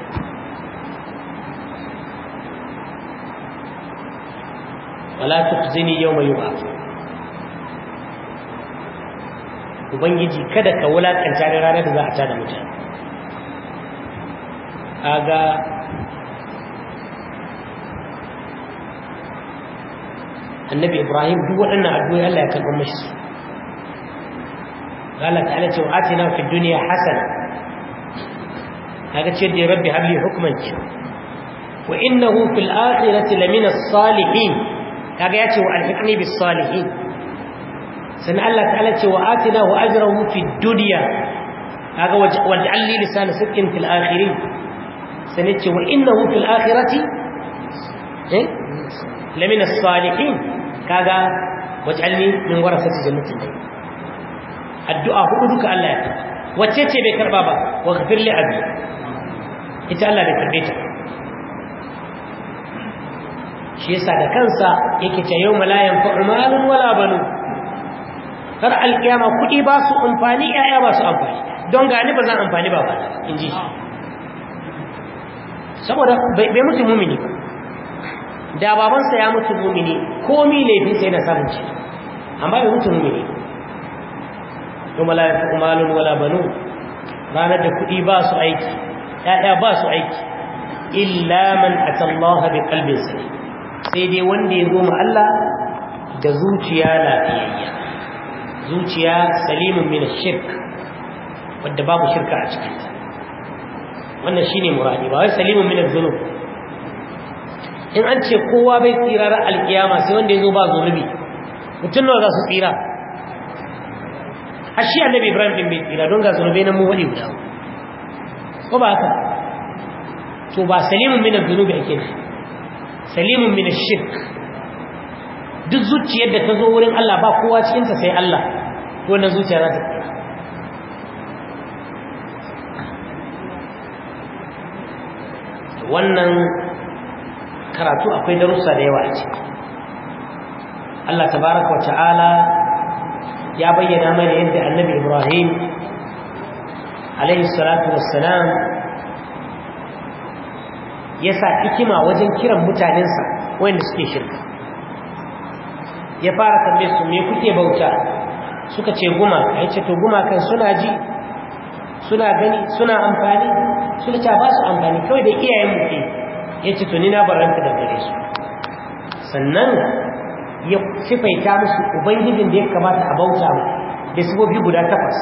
wala tukhzini yawma yub'ath ubangiji kada ka wulakanta da ranar da za a tada mutane kaga annabi ibrahim duk waɗannan addu'o'i Allah ya karɓar mashi su Allah ta'ala ce wa atina fid dunya hasana kaga ce da rabbi habli hukman ki wa innahu fil akhirati lamina salihin kaga yace wa alhiqni bis salihin sannan Allah ta'ala ce wa wa ajrahu fid dunya kaga waj'al li lisana sidqin fil akhirin sannan ce wa innahu fil akhirati lamina addu'a hudu duka Allah ya karba wacce ce bai karba ba wa ghafir li abi ita Allah bai karbe ta shi yasa da kansa yake ce yau malayan fa umalun wala banu har alkiyama kudi ba su amfani yaya ba su amfani don gani ba zan amfani ba ba inji saboda bai mutu mumini ba da babansa ya mutu mumini komi laifin sai na samun ci amma bai mutu mumini kuma la yafu malun wala banun ranar da kuɗi ba su aiki ƴaƴa ba su aiki illa man atallaha bi qalbin salim sai dai wanda ya zo ma Allah da zuciya lafiyayya zuciya salimin min shirk wadda babu shirka a cikin ta wannan shine muradi ba wai salimin min dhunub in an ce kowa bai tsira ran alkiyama sai wanda ya zo ba zunubi mutum nawa za su tsira a shi annabi ibrahim din bai tsira don ga zunubai nan mu wani guda ko ba haka to ba salimun min az-zunubi ake ne salimun min ash-shirk duk zuciyar da ta zo wurin Allah ba kowa cikin ta sai Allah to wannan zuciya za ta tsira wannan karatu akwai darussa da yawa a ciki Allah tabaraka wa ta'ala ya bayyana mana yadda annabi ibrahim alaihissalatu wassalam ya sa hikima wajen kiran mutanensa wanda suke shirka ya fara tambaye su me kuke bauta suka ce guma. A yi ce to kan suna ji suna gani suna amfani suna ta ba su amfani kawai da iyayen muke ya ce to ni na baranta da gare su sannan ya sifaita musu ubangijin da ya kamata a bauta da sifofi guda takwas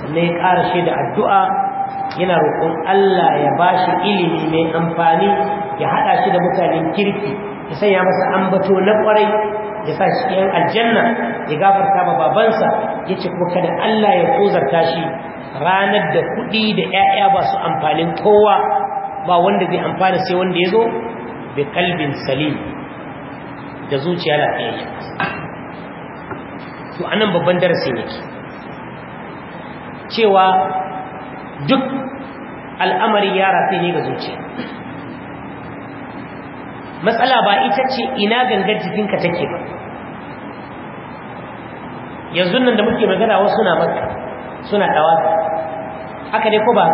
sannan ya ƙara da addu'a yana roƙon Allah ya bashi ilimi mai amfani ya haɗa shi da mutanen kirki ya sanya masa ambato na ƙwarai ya sa shi yan aljanna ya gafarta ma babansa ya ce kuma kada Allah ya kozarta shi ranar da kuɗi da 'ya'ya ba su amfanin kowa ba wanda zai amfana sai wanda ya zo da kalbin salim da zuciya lafiyayya to anan babban darasin yake cewa duk al'amari ya rafe ne ga zuciya matsala ba ita ce ina gangar jikinka take ba yanzu nan da muke magana wasu na maka suna dawa haka dai ko ba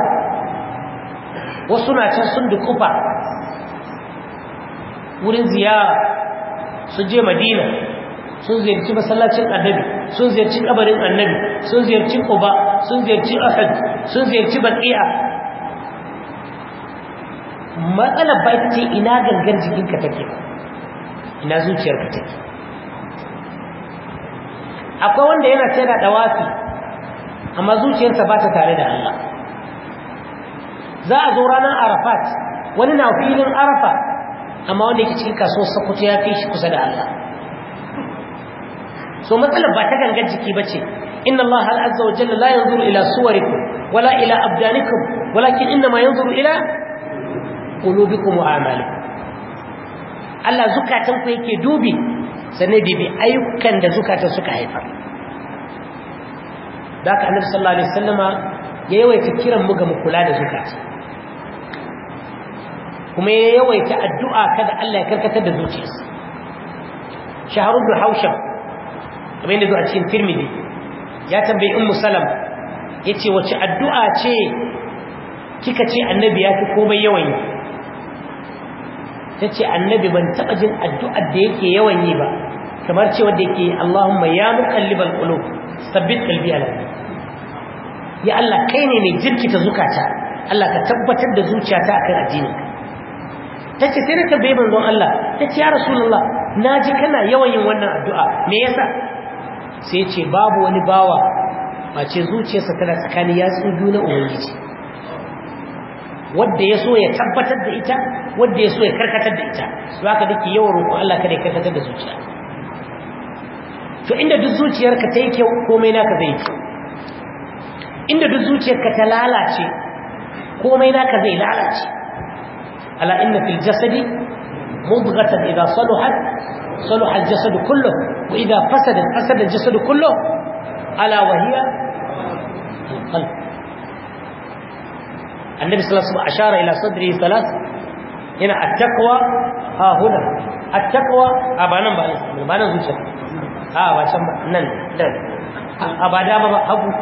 wasu na can sun dukufa wurin ziyara sun je madina sun ziyarci masallacin annabi sun ziyarci kabarin annabi sun ziyarci quba sun ziyarci ahad sun ziyarci baqi'a matsalar ba ita ce ina gangan jikinka take ina zuciyarka take akwai wanda yana sai da dawafi amma zuciyarsa ba ta tare da Allah za a zo ranar arafat wani na filin arafa amma wanda yake cikin kasuwar sokoto ya fi shi kusa da Allah so matsalar ba ta ganga jiki ba ce inna Allah azza wa jalla la yanzuru ila suwarikum wala ila abdanikum walakin inna ma yanzuru ila qulubikum wa a'malikum Allah zukatan ku yake dubi sannan bibi ayyukan da zukatan suka haifar da aka annabi sallallahu alaihi wasallama ya yawaita kiran mu ga mu kula da zukatan kuma ya yawaita addu'a kada Allah ya karkatar da zuciyarsa shaharun da hausha kamar yadda zuwa cikin firmini, ya tambayi in musallam ya ce wace addu'a ce kika ce annabi ya fi komai yawan yi Ta ce annabi ban taba jin addu'ar da yake yawan yi ba kamar ce da yake Allahumma ya muqallibal qulub sabbin qalbi ala ya Allah kai ne mai ta zukata Allah ka tabbatar da zuciyata akan addinin tace sai na tambaye manzon Allah tace ya rasulullah naji kana yawan yin wannan addu'a me yasa sai ce babu wani bawa face zuciyarsa tana tsakanin yatsu biyu na ubangiji wanda ya so ya tabbatar da ita wanda ya so ya karkatar da ita to haka dake yawan roƙo Allah kada ya karkatar da zuciya to inda duk zuciyarka ta yi kyau komai naka zai kyau inda duk zuciyarka ta lalace komai naka zai lalace ألا إن في الجسد مضغة إذا صلحت صلح الجسد كله وإذا فسدت فسد الجسد كله ألا وهي القلب النبي صلى الله عليه وسلم أشار إلى صدره ثلاث هنا التقوى ها هنا التقوى أبانا ابانا بأنا ها بأشان نن نن ابانا بابا أبو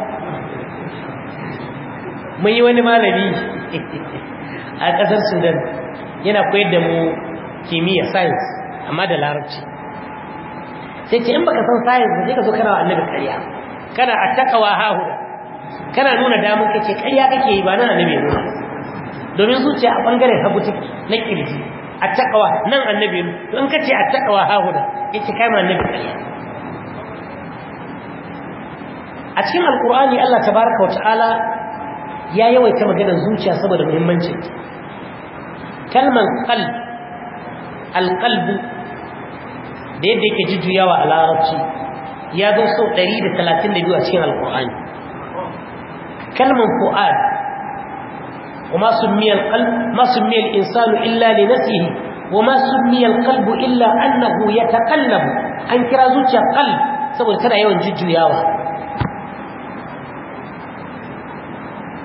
من يوني مالبي a ƙasar sudan yana koyar da mu kimiyya science amma da larabci sai ce in baka san science ba sai ka zo kana wa annabi ƙarya kana attaqwa hahu kana nuna damun kace ƙarya kake yi ba nan annabi ne nuna domin zuciya a bangaren hagu take na kirji attaqwa nan annabi to in kace wa hahu da yace kai ma annabi ƙarya a cikin alqur'ani Allah tabaraka wa ta'ala ya yawaita maganar zuciya saboda muhimmancin kalman qalb alqalbu da yadda yake jujjuyawa a larabci ya zo sau 132 a cikin alqur'ani kalman fu'ad وما سمي القلب ما سمي الانسان الا لنفسه وما سمي القلب الا انه يتقلب an kira zuciya qalb saboda tana yawan jujjuyawa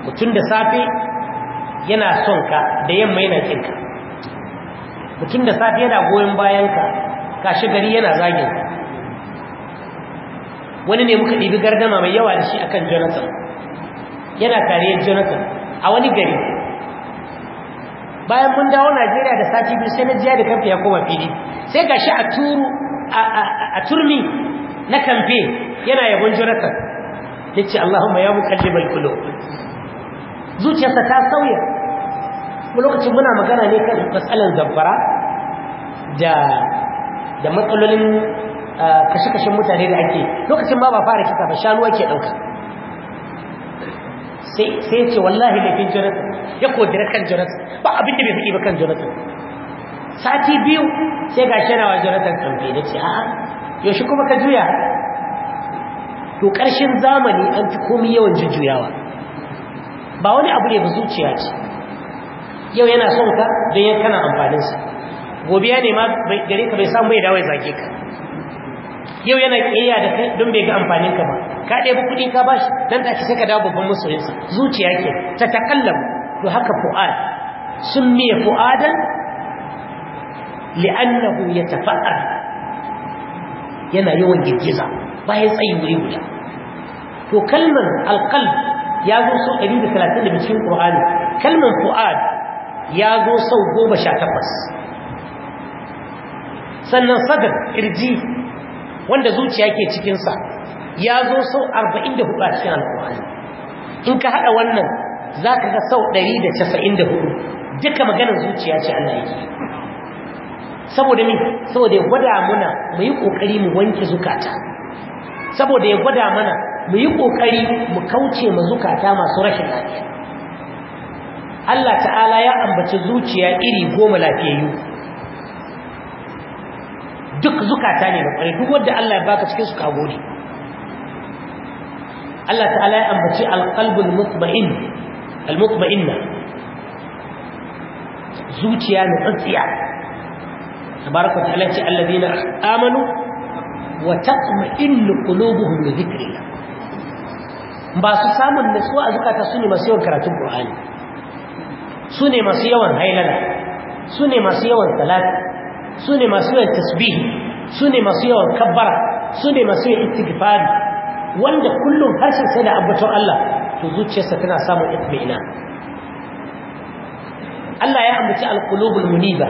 mutum da safe yana son ka da yamma yana kinka mutum da safe yana goyon bayanka kashi gari yana zagin wani ne muka ɗibi gardama mai yawa da shi akan jonathan yana kariyar jonathan a wani gari bayan mun dawo najeriya da sati biyu sai na jiya da kamfe ya koma fili sai gashi a a turmi na kamfe yana yabon jonathan ya ce allahumma ya mai kulo zuciyarsa ta sauya kuma lokacin muna magana ne kan matsalan zamfara da da matsalolin kashe-kashen mutane da ake lokacin ma ba fara kisa ba shanu ake ɗauka sai ya ce wallahi laifin jonathan ya kodira kan jonathan ba abin da bai faɗi ba kan jonathan sati biyu sai ga shanawa jonathan kamfe da ce a'a yaushe kuma ka juya to ƙarshen zamani an fi komi yawan jujjuyawa ba wani abu ne ba zuciya ce yau yana son ka don yan kana su. gobe ya nema gare ka bai samu bai dawo ya zage ka yau yana kiyaya da kai don bai ga amfanin ka ba ka ba kuɗi ka bashi dan take sai ka dawo babban masoyinsa zuciya ke ta takallam to haka fu'ad sun miya fu'adan li'annahu yatafa'al yana yawan girgiza bayan tsayi wuri guda to kalmar alqalb ya zo so 135 cikin Qur'ani kalmar fu'ad ya zo sau goma sha takwas sannan sadar ƙirji wanda zuciya ke cikinsa ya zo sau arba'in da hudu a cikin alkuwani in ka haɗa wannan za ka ga sau ɗari da casa'in da hudu duka maganar zuciya ce allah yake saboda ne saboda ya gwada muna mu yi ƙoƙari mu wanke zukata saboda ya gwada mana mu yi ƙoƙari mu kauce ma zukata masu rashin lafiya Allah ta'ala ya ambaci zuciya iri goma lafiyayyu duk zukata ne bakwai duk wanda Allah ya baka cikin su ka gode Allah ta'ala ya ambaci alqalbul mutma'in almutma'inna zuciya ne tsatsiya tabaraka ta'ala ce alladhina amanu wa tatma'innu qulubuhum li dhikrillah ba su samun nutsuwa a zukata su ne masu yawan karatun Qur'ani su ne masu yawan hailala su ne masu yawan salati su ne masu yawan tasbihi su ne masu yawan kabbara su ne masu yawan istighfari wanda kullum harshen sai da abbaton Allah to zuciyarsa tana samun itmi'ina Allah ya ambaci alqulubul muniba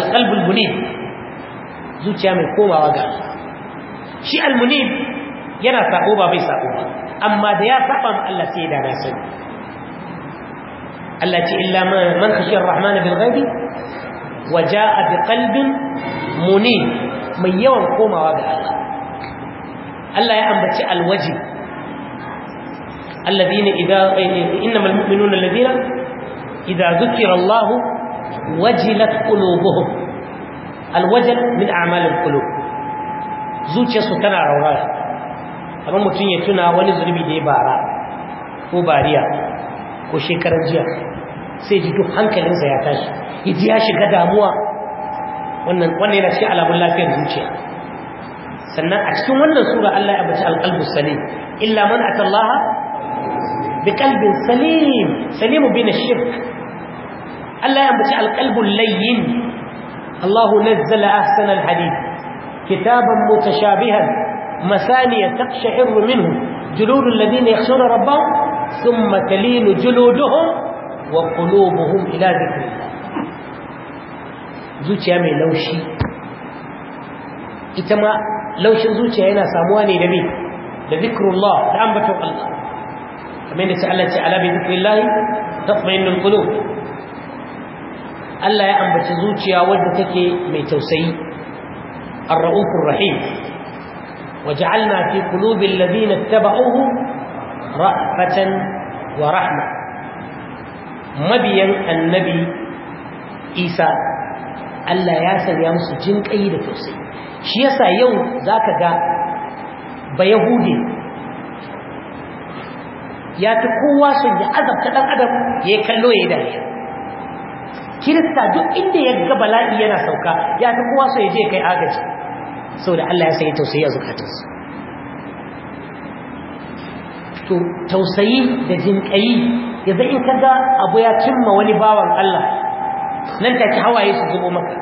alqalbul munib zuciya mai komawa ga shi almunib yana sako ba bai sako ba amma da ya saba ma Allah sai da na sani التي إلا من خشي الرحمن بالغيب وجاء بقلب منيب من يوم قوم وابع الله ألا يأمبت الوجه الذين إذا إنما المؤمنون الذين إذا ذكر الله وجلت قلوبهم الوجل من أعمال القلوب زوجي سكان على رواية أمام تنية تنى ونزر بي ديبارا وباريا ko shekarar jiya sai ji duk hankalinsa ya tashi yaji ya shiga damuwa wannan wannan yana cikin alamun lafiyar zuciya sannan a cikin wannan sura Allah ya bace alqalbus salim illa man atallaha biqalbin salim salimu bin shirk Allah ya bace alqalbul layyin Allah nazzala ahsana alhadith kitaban mutashabihan masaniya taqsha'iru minhu juludul ladina yakhshuna rabbahum ثم تلين جلودهم وقلوبهم إلى ذكر الله zuciya mai laushi ita ma laushin zuciya yana samuwa ne da me da zikrullah da ambaton Allah kamar da Allah ce ala bi zikrillah tatma'innul qulub Allah ya ambaci zuciya wadda take mai tausayi ar-raufur rahim waj'alna fi qulubil ladina ittaba'uhu ra'fatan wa rahma mabiyan annabi isa Allah ya sanya musu jin kai da tausayi shi yasa yau za ka ga ba yahudi ya fi kowa sun ya azabta dan adam ya yi kallo ya yi dariya kirista duk inda ya ga bala'i yana sauka ya fi kowa so ya je kai agaji saboda Allah ya sanya tausayi a zukatansu to tausayi da jinƙayi yanzu in kaga abu ya cimma wani bawan Allah nan take hawaye su zubo maka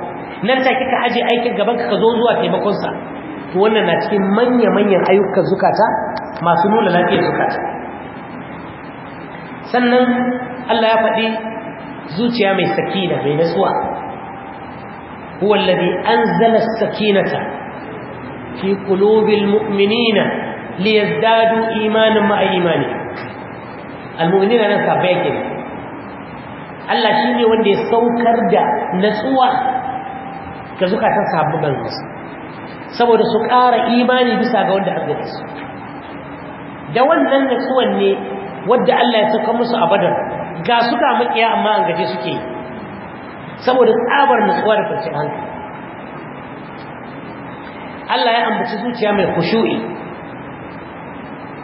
nan take ka aje aikin gaban ka zo zuwa taimakon sa to wannan na cikin manya manyan ayyukan zukata masu nuna lafiyar zukata sannan Allah ya faɗi zuciya mai sakina mai nasuwa huwa alladhi anzala as-sakinata fi qulubil mu'minina liyazdadu imanin ma'a imani almu'minina nan sabai yake Allah shi ne wanda ya saukar da natsuwa ga zukatan sahabban manzansa saboda su ƙara imani bisa ga wanda aka su da wannan natsuwan ne wadda Allah ya sauka musu a badar ga su ga makiya amma an gaje suke saboda tsabar natsuwa da kwanciyar hankali Allah ya ambaci zuciya mai kushu'i.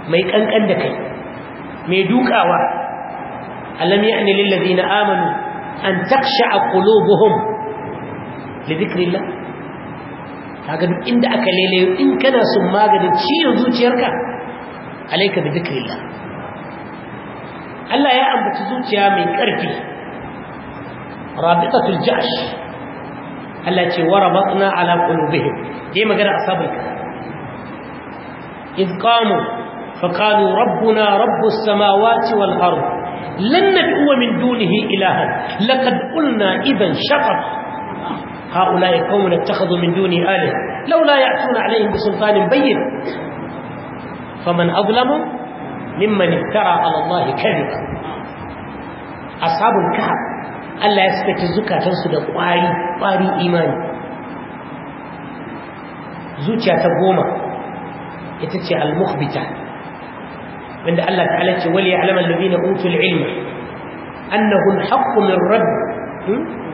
mai kankan da kai mai dukawa alam ya'ni lil ladina amanu an taksha'a qulubuhum li dhikrillah kaga duk inda aka lele in kana son maganin ciwon zuciyarka alayka bi dhikrillah Allah ya ambaci zuciya mai karfi rabitatul jahsh Allah ce warabatna ala qulubihim dai magana asabul iz qamu فقالوا ربنا رب السماوات والأرض لن ندعو من دونه إلها لقد قلنا إذا شطط هؤلاء قوم اتخذوا من دونه آلهة لولا يأتون عليهم بسلطان بين فمن أظلم ممن افترى على الله كذبا أصحاب الكهف ألا يسكت الزكاة ci zukatansu da إيمان ƙwari imani zuciya المخبتة عند الله تعالى وليعلم الذين أوتوا العلم أنه الحق من رب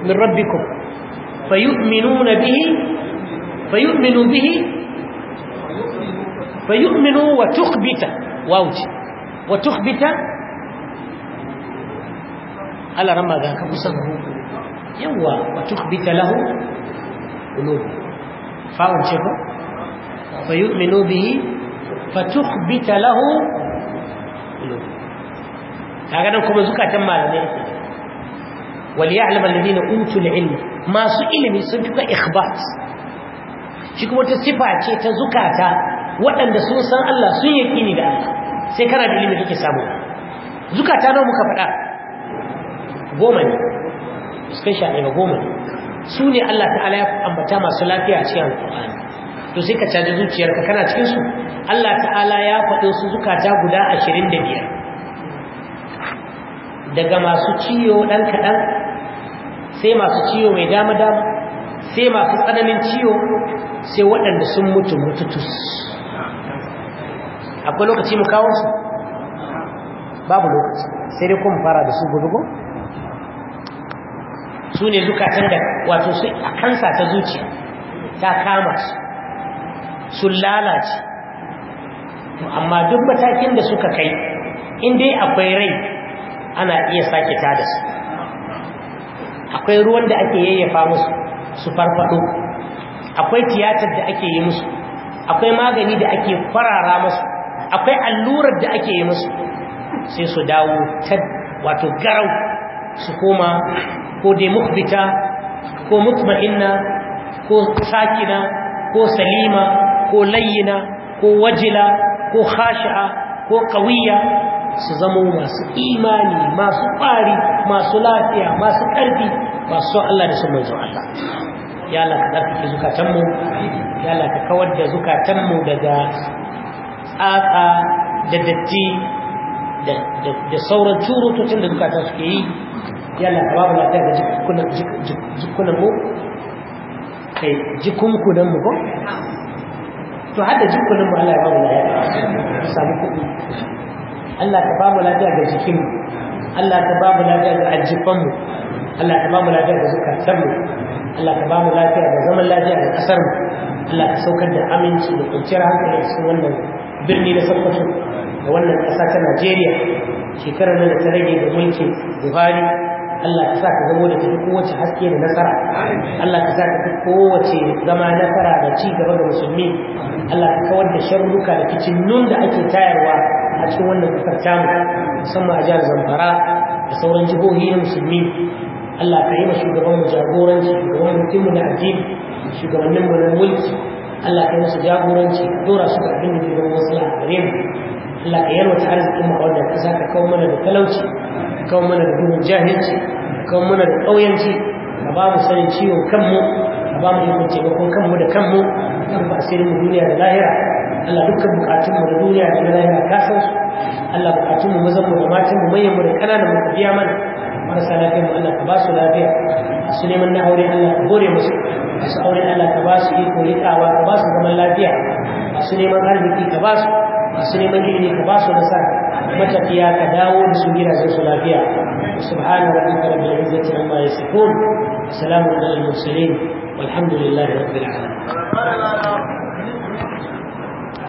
من ربكم فيؤمنون به فيؤمنوا به فيؤمنوا وتخبت واو وتخبت على رمى ذاك قصده يوى وتخبت له قلوب فاوت فيؤمنوا به فتخبت له kaga nan kuma zukatan malamai yake وليعلم الذين اوتوا العلم ما سو ilimi sun fi ikhbat shi kuma ta sifa ce ta zukata waɗanda sun san Allah sun yakini da Allah sai kana da ilimi kake samu zukata nawa muka faɗa goma ne suka sha ɗaya goma ne su ne Allah ta'ala ya ambata masu lafiya a cikin alƙur'ani to sai ka caji zuciyarka kana cikin su Allah ta'ala ya faɗi su zukata guda 25 daga masu ciwo dan kadan sai masu ciwo mai dama dama sai masu tsananin ciwo sai waɗanda sun mutu mututus akwai lokaci mu kawo su babu lokaci sai dai kuma fara da su gudugo su ne zukatan da wato su a kansa ta zuciya ta kama su sun lalace amma duk matakin da suka kai in dai akwai rai ana iya sake tada su akwai ruwan da ake yayyafa musu su farfado akwai tiyatar da ake yi musu akwai magani da ake kwarara musu akwai allurar da ake yi musu sai su dawo ta wato garau su koma ko dai mukbita ko mutma'inna ko sakina ko salima ko layyina ko wajila ko khashi'a ko qawiya su zama masu imani masu ƙwari masu lafiya masu ƙarfi masu Allah da sunan zuwa Allah ya Allah ka tsarkake zukatanmu ya Allah ka kawar da zukatanmu daga tsatsa da datti da sauran turutocin da zukatan suke yi ya Allah ka babu lafiya da jikunanmu kai jikunkunanmu ko to har da jikunan mu Allah ya bamu lafiya mu samu kuɗi Allah ka bamu lafiya ga jikin Allah ka bamu lafiya ga ajifan mu Allah ka bamu lafiya ga zukatan mu Allah ka bamu lafiya ga zaman lafiya ga kasar mu Allah ka saukar da aminci da kwanciyar hankali a cikin wannan birni na Sokoto da wannan ƙasa ta Najeriya shekarar nan da ta rage da mulkin Buhari Allah ka sa ka zamo da cikin kowace haske da nasara Allah ka sa ka fi kowace zama nasara da ci gaba ga musulmi Allah ka kawar da sharruka da kicinnun da ake tayarwa a cikin wannan kasar tamu musamman a jihar Zamfara da sauran jihohi na musulmi Allah ka yi ma shugaban mu jagoranci shugaban mutum na addini shugabannin mu na mulki Allah ka yi musu jagoranci ka dora su ga abin da ke wasu a gare mu Allah ka yarwata arzikin mu a wannan ƙasa ka kawo mana da talauci kan mana da duhun jahilci kan mana da ƙauyanci ka ba mu sanin ciwon kanmu ka ba mu ikon taimakon kanmu da kanmu ka rufe asirin mu duniya da lahira Allah dukkan mu da duniya da lahira ka san su Allah mu mazan mu da matan mu manyan mu da kananan mu biya mana marasa lafiya mu Allah ka ba su lafiya su neman na aure Allah ka hore musu su aure Allah ka ba su iko riƙawa ka ba su zaman lafiya su neman arziki ka ba su masu neman ne ka ba su nasara matafiya ka dawo da su gidajen su lafiya subhana rabbika rabbil izzati amma yasifun salamun alal mursalin والحمد لله رب